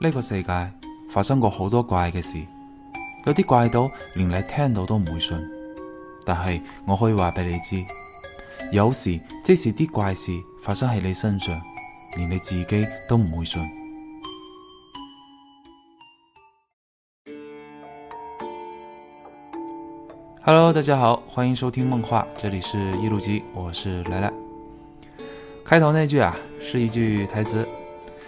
呢個世界發生過好多怪嘅事，有啲怪到連你聽到都唔會信。但係我可以話俾你知，有時即使啲怪事發生喺你身上，連你自己都唔會信。Hello，大家好，歡迎收聽夢話，這裏是異錄集，我是來來。開頭那句啊，是一句台詞。